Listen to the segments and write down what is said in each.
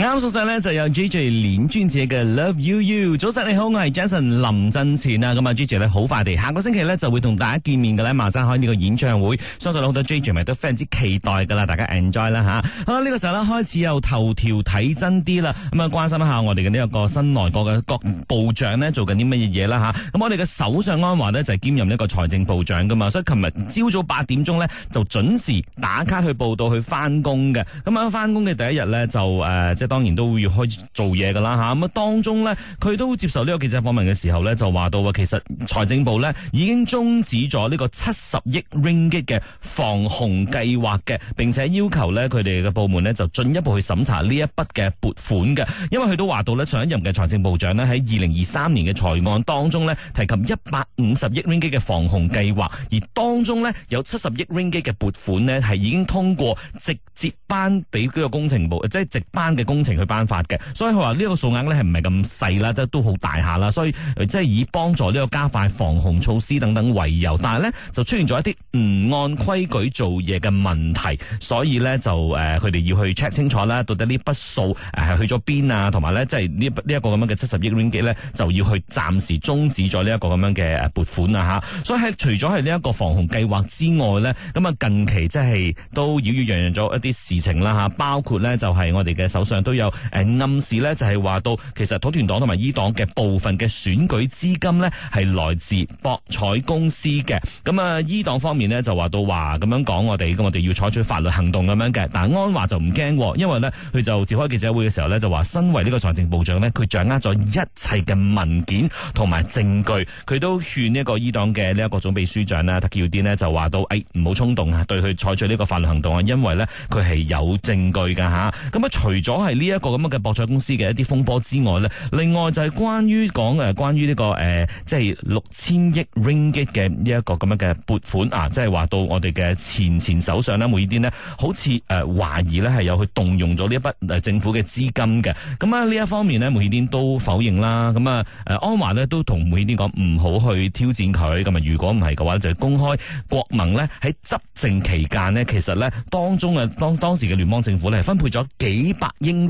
啱啱送上咧就有 J.J. 連專者嘅 Love You You。早晨你好，我係 Jason 林振前啊。咁啊 J.J. 好快地下個星期咧就會同大家見面㗎啦馬山海呢個演唱會，相信好多 J.J. 咪都非常之期待噶啦，大家 enjoy 啦吓、啊。好呢、這個時候呢開始有頭條睇真啲啦。咁啊，關心一下我哋嘅呢一個新內閣嘅各部長呢做緊啲乜嘢嘢啦吓。咁、啊、我哋嘅首相安華呢就是、兼任一個財政部長噶嘛，所以琴日朝早八點鐘呢就準時打卡去報到去翻工嘅。咁啊翻工嘅第一日呢就誒、呃、即當然都會要開始做嘢噶啦嚇，咁啊當中呢，佢都接受呢個記者訪問嘅時候呢，就話到啊，其實財政部呢已經中止咗呢個七十億 ringgit 嘅防洪計劃嘅，並且要求呢，佢哋嘅部門呢就進一步去審查呢一筆嘅撥款嘅，因為佢都話到呢，上一任嘅財政部長呢，喺二零二三年嘅財案當中呢，提及一百五十億 ringgit 嘅防洪計劃，而當中呢，有七十億 ringgit 嘅撥款呢，係已經通過直接頒俾嗰個工程部，即係直班嘅工。情去頒發嘅，所以佢話呢一個數額咧，係唔係咁細啦，即係都好大下啦，所以即係以幫助呢個加快防洪措施等等為由，但係咧就出現咗一啲唔按規矩做嘢嘅問題，所以咧就誒佢哋要去 check 清楚啦，到底呢筆數誒係去咗邊啊，同埋咧即係呢呢一個咁樣嘅七十億 ringgit 咧就要去暫時中止咗呢一個咁樣嘅撥款啊嚇，所以係除咗係呢一個防洪計劃之外咧，咁啊近期即係都擾擾攘攘咗一啲事情啦嚇，包括咧就係我哋嘅首相。都有誒暗示呢，就係話到其實土團黨同埋伊黨嘅部分嘅選舉資金呢，係來自博彩公司嘅。咁啊，伊黨方面呢，就話到話咁樣講，我哋咁我哋要採取法律行動咁樣嘅。但安華就唔驚，因為呢，佢就召開記者會嘅時候呢，就話，身為呢個財政部長呢，佢掌握咗一切嘅文件同埋證據。佢都勸呢個伊黨嘅呢一個總秘書長呢，特喬啲呢，就話到，誒唔好衝動啊，對佢採取呢個法律行動啊，因為呢，佢係有證據㗎吓，咁啊，除咗係，呢一個咁樣嘅博彩公司嘅一啲風波之外呢，另外就係關於講誒，關於呢、這個誒、呃，即係六千億 ringgit 嘅呢一個咁樣嘅撥款啊，即係話到我哋嘅前前首相呢，穆偉呢好似誒、呃、懷疑呢係有去動用咗呢一筆政府嘅資金嘅，咁啊呢一方面呢，穆偉都否認啦，咁啊誒安華呢都同穆偉端講唔好去挑戰佢，咁啊如果唔係嘅話，就係公開國盟呢喺執政期間呢，其實呢當中嘅當當時嘅聯邦政府呢係分配咗幾百英。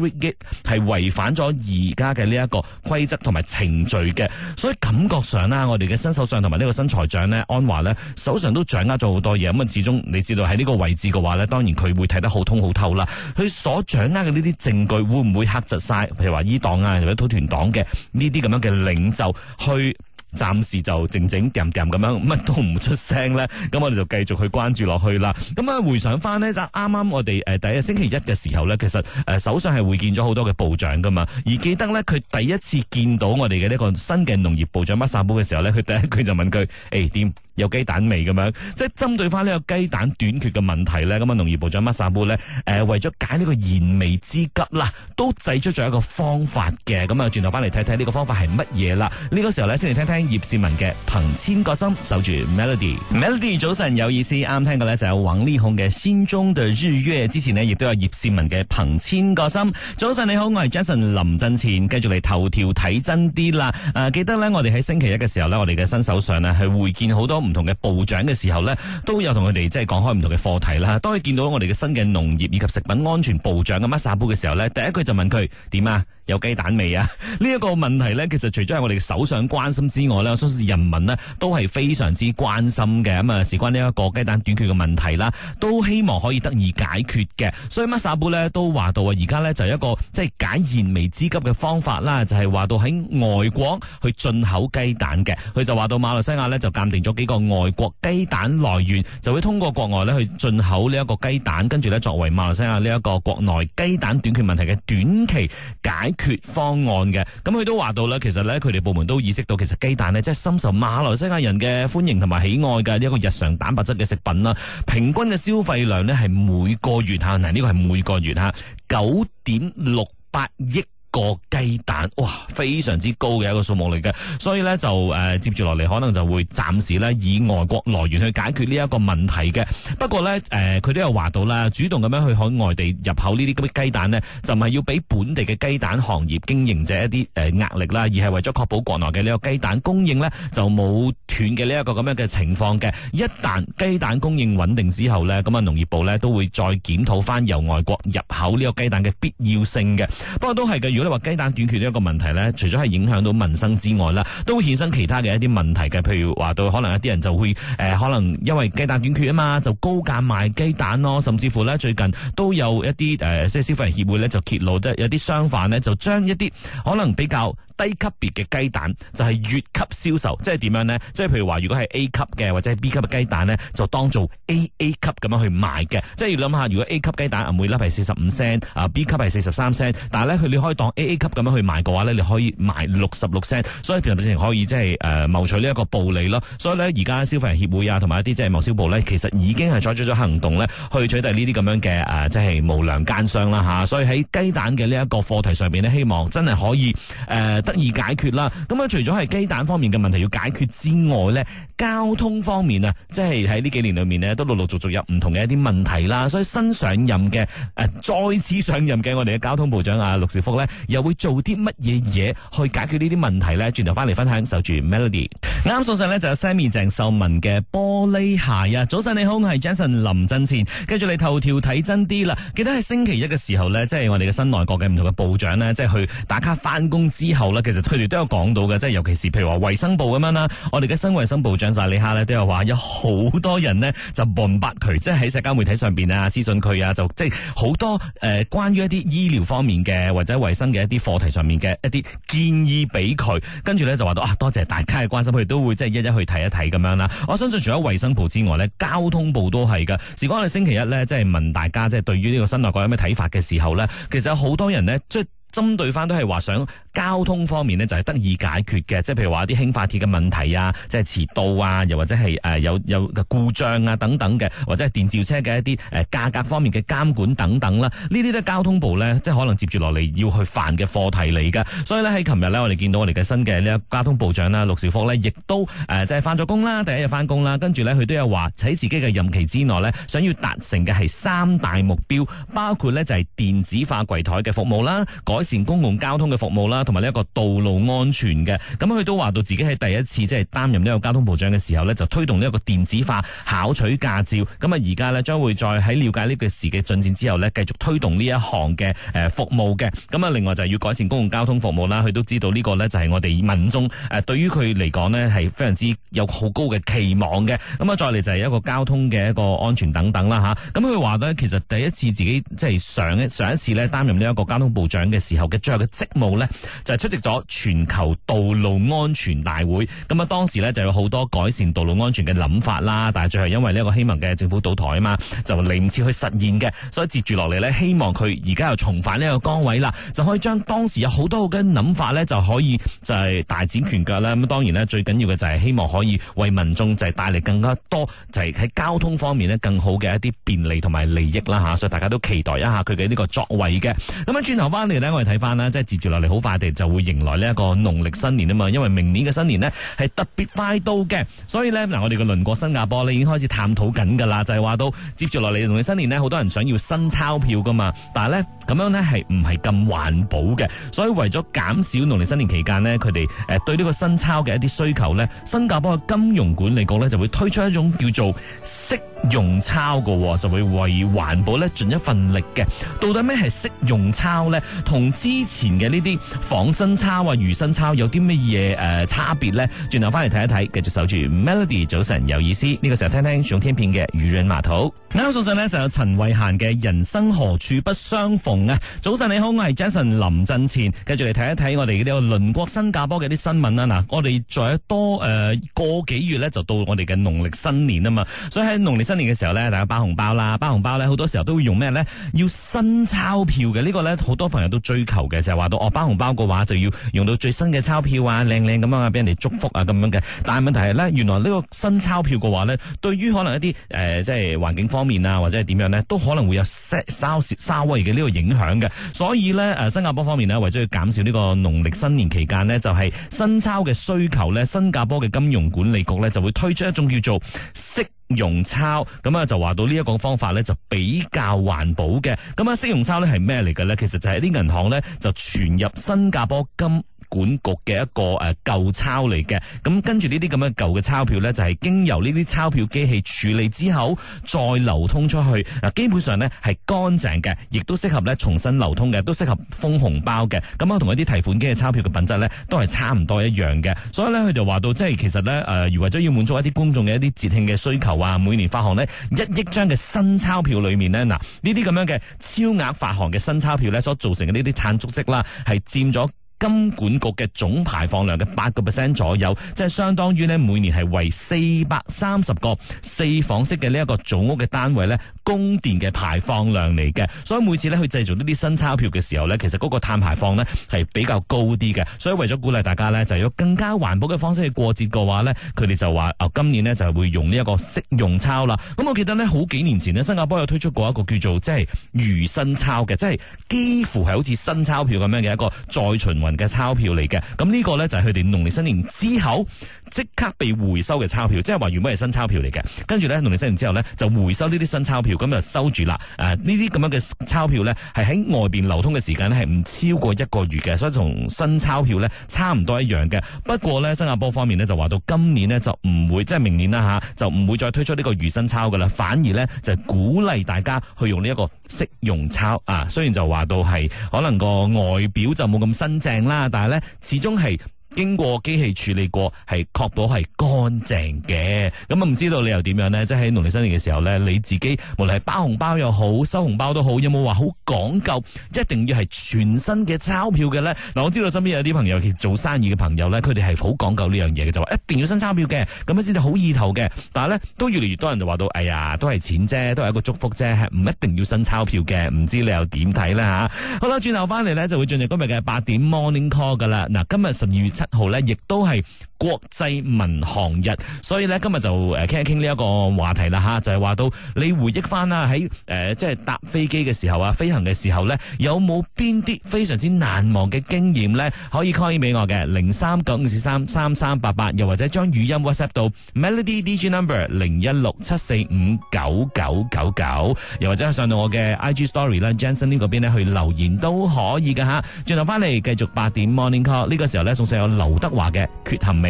係違反咗而家嘅呢一個規則同埋程序嘅，所以感覺上啦，我哋嘅新首相同埋呢個新財長呢，安華呢，手上都掌握咗好多嘢。咁啊，始終你知道喺呢個位置嘅話呢，當然佢會睇得好通好透啦。佢所掌握嘅呢啲證據會唔會克制晒？譬如話伊黨啊，或者土團黨嘅呢啲咁樣嘅領袖去。暫時就靜靜掂掂咁樣，乜都唔出聲咧。咁我哋就繼續去關注落去啦。咁啊，回想翻呢，就啱啱我哋誒第一星期一嘅時候呢，其實誒首相係會見咗好多嘅部長噶嘛。而記得呢，佢第一次見到我哋嘅呢個新嘅農業部長馬薩布嘅時候呢，佢第一句就問佢：誒、哎、點有雞蛋未？咁樣即係針對翻呢個雞蛋短缺嘅問題呢。」咁啊，農業部長馬薩布咧誒、呃、為咗解呢個燃眉之急啦，都製出咗一個方法嘅。咁啊，轉頭翻嚟睇睇呢個方法係乜嘢啦？呢、這個時候呢，先嚟聽聽。葉倩文嘅《憑千個心》守住 Melody，Melody Mel 早晨有意思，啱聽過咧就有王力宏嘅《心中嘅日月》。之前呢，亦都有葉倩文嘅《憑千個心》。早晨你好，我係 Jason 林振前，繼續嚟《頭條睇真啲》啦。誒、啊，記得呢，我哋喺星期一嘅時候呢，我哋嘅新首相啊係會見好多唔同嘅部長嘅時候呢，都有同佢哋即係講開唔同嘅課題啦。當佢見到我哋嘅新嘅農業以及食品安全部長咁阿沙煲嘅時候呢，第一句就問佢點啊？有雞蛋味啊！呢一個問題呢，其實除咗係我哋嘅首相關心之外呢，我相信人民呢都係非常之關心嘅。咁啊，事關呢一個雞蛋短缺嘅問題啦，都希望可以得以解決嘅。所以乜沙布呢都話到啊，而家呢就一個即係解燃眉之急嘅方法啦，就係話到喺外國去進口雞蛋嘅。佢就話到馬來西亞呢，就鑑定咗幾個外國雞蛋來源，就會通過國外呢去進口呢一個雞蛋，跟住呢作為馬來西亞呢一個國內雞蛋短缺問題嘅短期解決。缺方案嘅，咁佢都話到啦。其實咧，佢哋部門都意識到，其實雞蛋呢，即係深受馬來西亞人嘅歡迎同埋喜愛嘅一個日常蛋白質嘅食品啦。平均嘅消費量呢，係每個月吓，嗱、這、呢個係每個月吓，九點六八億。個雞蛋哇，非常之高嘅一個數目嚟嘅，所以咧就誒、呃、接住落嚟可能就會暫時咧以外國來源去解決呢一個問題嘅。不過咧誒，佢都有話到啦，主動咁樣去海外地入口呢啲咁嘅雞蛋咧，就唔係要俾本地嘅雞蛋行業經營者一啲誒、呃、壓力啦，而係為咗確保國內嘅呢個雞蛋供應咧就冇斷嘅呢一個咁樣嘅情況嘅。一旦雞蛋供應穩定之後咧，咁啊農業部咧都會再檢討翻由外國入口呢個雞蛋嘅必要性嘅。不過都係嘅。如果你話雞蛋短缺呢一個問題咧，除咗係影響到民生之外啦，都會衍生其他嘅一啲問題嘅。譬如話到可能一啲人就會、呃、可能因為雞蛋短缺啊嘛，就高價賣雞蛋咯。甚至乎咧，最近都有一啲誒，即係消費人協會咧就揭露，即係有啲商販咧就將一啲可能比較。低級別嘅雞蛋就係、是、越級銷售，即係點樣呢？即係譬如話，如果係 A 級嘅或者係 B 級嘅雞蛋呢，就當做 A A 級咁樣去賣嘅。即係要諗下，如果 A 級雞蛋每粒係四十五 sen，啊 B 級係四十三 sen，但係呢，佢你可以當 A A 級咁樣去賣嘅話呢，你可以賣六十六 sen。所以平時可以即係誒牟取呢一個暴利咯。所以呢，而家消費人協會啊，同埋一啲即係貿消部呢，其實已經係採取咗行動呢，去取締呢啲咁樣嘅誒即係無良奸商啦嚇。所以喺雞蛋嘅呢一個課題上面呢，希望真係可以誒。呃易解決啦。咁啊，除咗係雞蛋方面嘅問題要解決之外咧，交通方面啊，即係喺呢幾年裏面咧，都陸陸續續有唔同嘅一啲問題啦。所以新上任嘅誒、呃，再次上任嘅我哋嘅交通部長啊，陸兆福咧，又會做啲乜嘢嘢去解決呢啲問題咧？轉頭翻嚟分享，守住 Melody。啱啱送上咧就有 Sammy 鄭秀文嘅玻璃鞋啊！早晨你好，我係 Jensen 林振前，跟住你頭條睇真啲啦。記得喺星期一嘅時候咧，即係我哋嘅新內閣嘅唔同嘅部長咧，即係去打卡翻工之後咧。其實佢哋都有講到嘅，即係尤其是譬如話衛生部咁樣啦，我哋嘅新衛生部長薩利哈呢，都有話有好多人呢就問白佢，即係喺社交媒體上邊啊、私信佢啊，就即係好多誒、呃、關於一啲醫療方面嘅或者衛生嘅一啲課題上面嘅一啲建議俾佢，跟住咧就話到啊，多謝大家嘅關心，佢哋都會即係一一去睇一睇咁樣啦。我相信除咗衛生部之外呢，交通部都係噶。如果我哋星期一呢，即係問大家即係對於呢個新內閣有咩睇法嘅時候呢，其實有好多人呢，即係針對翻都係話想。交通方面咧就係得以解決嘅，即係譬如話啲輕快鐵嘅問題啊，即係遲到啊，又或者係誒有有故障啊等等嘅，或者係電召車嘅一啲誒價格方面嘅監管等等啦，呢啲咧交通部咧即係可能接住落嚟要去煩嘅課題嚟噶。所以咧喺琴日咧我哋見到我哋嘅新嘅呢一交通部長啦陸兆福咧，亦都誒即係翻咗工啦，第一日翻工啦，跟住咧佢都有話喺自己嘅任期之內咧，想要達成嘅係三大目標，包括咧就係電子化櫃台嘅服務啦，改善公共交通嘅服務啦。同埋呢一個道路安全嘅，咁佢都話到自己喺第一次即係擔任呢個交通部長嘅時候呢，就推動呢一個電子化考取駕照。咁啊，而家呢，將會再喺了解呢個事嘅進展之後呢，繼續推動呢一行嘅誒服務嘅。咁啊，另外就係要改善公共交通服務啦。佢都知道呢個呢，就係我哋民眾誒對於佢嚟講呢，係非常之有好高嘅期望嘅。咁啊，再嚟就係一個交通嘅一個安全等等啦吓，咁佢話呢，其實第一次自己即係上一上一次呢，擔任呢一個交通部長嘅時候嘅最後嘅職務呢，就係出席咗全球道路安全大會，咁啊當時咧，就有好多改善道路安全嘅諗法啦，但係最後因為呢個希盟嘅政府倒台啊嘛，就嚟唔切去實現嘅，所以接住落嚟咧，希望佢而家又重返呢個崗位啦，就可以將當時有好多好嘅諗法咧，就可以就係大展拳腳啦。咁當然咧，最緊要嘅就係希望可以為民眾就係帶嚟更加多就係、是、喺交通方面咧，更好嘅一啲便利同埋利益啦吓、啊，所以大家都期待一下佢嘅呢個作為嘅。咁啊轉頭翻嚟咧，我哋睇翻啦，即係接住落嚟好快。我哋就會迎來呢一個農曆新年啊嘛，因為明年嘅新年呢係特別快到嘅，所以呢，嗱，我哋嘅鄰國新加坡呢已經開始探討緊噶啦，就係、是、話到接住落嚟農曆新年呢，好多人想要新鈔票噶嘛，但係呢。咁樣呢係唔係咁環保嘅，所以為咗減少農曆新年期間呢，佢哋誒對呢個新鈔嘅一啲需求呢，新加坡嘅金融管理局呢就會推出一種叫做適用鈔嘅，就會為環保呢盡一份力嘅。到底咩係適用鈔呢？同之前嘅呢啲仿新鈔啊、魚新鈔有啲乜嘢誒差別呢？轉頭翻嚟睇一睇，繼續守住 Melody 早晨有意思，呢個時候聽聽上天片嘅雨潤麻土啱啱送上呢，就有陳慧嫻嘅《人生何處不相逢》。早晨你好，我係 Jason 林振前，繼續嚟睇一睇我哋呢個鄰國新加坡嘅啲新聞啦。嗱，我哋再多誒一個幾月呢，就到我哋嘅農曆新年啊嘛。所以喺農曆新年嘅時候呢，大家包紅包啦，包紅包呢，好多時候都會用咩呢？要新鈔票嘅呢個呢，好多朋友都追求嘅，就係話到我包紅包嘅話就要用到最新嘅鈔票啊，靚靚咁樣啊，俾人哋祝福啊咁樣嘅。但係問題係呢，原來呢個新鈔票嘅話呢，對於可能一啲誒即係環境方面啊，或者係點樣呢，都可能會有稍微嘅呢個影。影響嘅，所以咧，誒、啊，新加坡方面呢，為咗要減少呢個農曆新年期間呢就係、是、新鈔嘅需求呢，新加坡嘅金融管理局呢就會推出一種叫做適用鈔，咁啊就話到呢一個方法呢就比較環保嘅，咁啊適用鈔呢係咩嚟嘅呢？其實就係啲銀行呢，就存入新加坡金。管局嘅一個誒舊鈔嚟嘅，咁跟住呢啲咁樣舊嘅鈔票呢，就係、是、經由呢啲鈔票機器處理之後，再流通出去。嗱，基本上呢，係乾淨嘅，亦都適合呢重新流通嘅，都適合封紅包嘅。咁啊，同一啲提款機嘅鈔票嘅品質呢，都係差唔多一樣嘅。所以呢，佢就話到，即係其實呢，誒、呃，為咗要滿足一啲公眾嘅一啲節慶嘅需求啊，每年發行呢一億張嘅新鈔票裏面呢，嗱呢啲咁樣嘅超額發行嘅新鈔票呢，所造成嘅呢啲碳足跡啦，係佔咗。金管局嘅總排放量嘅八個 percent 左右，即係相當於咧每年係為四百三十個四房式嘅呢一個組屋嘅單位咧，供電嘅排放量嚟嘅，所以每次咧去製造呢啲新鈔票嘅時候咧，其實嗰個碳排放咧係比較高啲嘅，所以為咗鼓勵大家咧，就用更加環保嘅方式去過節嘅話咧，佢哋就話啊、呃、今年咧就會用呢一個適用鈔啦。咁我記得咧好幾年前咧新加坡有推出過一個叫做即係如新鈔嘅，即、就、係、是就是、幾乎係好似新鈔票咁樣嘅一個再循環嘅鈔票嚟嘅。咁呢個咧就係佢哋農曆新年之後。即刻被回收嘅鈔票，即係話原本係新鈔票嚟嘅，跟住呢農曆新年之後呢，就回收呢啲新鈔票，咁就收住啦。誒、啊，呢啲咁樣嘅鈔票呢，係喺外邊流通嘅時間呢係唔超過一個月嘅，所以同新鈔票呢，差唔多一樣嘅。不過呢，新加坡方面呢，就話到今年呢，就唔會，即、就、係、是、明年啦吓、啊，就唔會再推出呢個如新鈔噶啦，反而呢，就鼓勵大家去用呢一個適用鈔啊。雖然就話到係可能個外表就冇咁新淨啦，但係呢始終係。經過機器處理過，係確保係乾淨嘅。咁啊，唔知道你又點樣呢？即係喺農曆新年嘅時候呢，你自己無論係包紅包又好，收紅包都好，有冇話好講究，一定要係全新嘅鈔票嘅呢？嗱，嗯，我知道身邊有啲朋友，其實做生意嘅朋友呢，佢哋係好講究呢樣嘢嘅，就話一定要新鈔票嘅，咁樣先至好意頭嘅。但係呢，都越嚟越多人就話到，哎呀，都係錢啫，都係一個祝福啫，唔一定要新鈔票嘅。唔知你又點睇啦吓？好啦，轉頭翻嚟呢，就會進入今日嘅八點 Morning Call 噶啦。嗱，今日十二月。七號咧，亦都係，國際民航日，所以咧今日就誒傾一傾呢一個話題啦吓，就係、是、話到你回憶翻啦喺誒即係搭飛機嘅時候啊，飛行嘅時候咧，有冇邊啲非常之難忘嘅經驗咧？可以 call 俾我嘅零三九五四三三三八八，88, 又或者將語音 WhatsApp 到 Melody DG number 零一六七四五九九九九，99 99, 又或者上到我嘅 IG Story 啦，Jason 呢邊咧去留言都可以噶吓。轉頭翻嚟繼續八點 morning call 呢個時候咧，送上有劉德華嘅《缺陷美》。